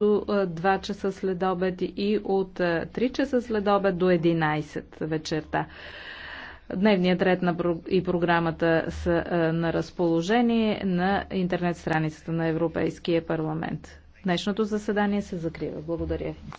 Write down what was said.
до 2 часа след обед и от 3 часа след обед до 11 вечерта. Дневният ред на про... и програмата са на разположение на интернет страницата на Европейския парламент. Днешното заседание се закрива. Благодаря ви.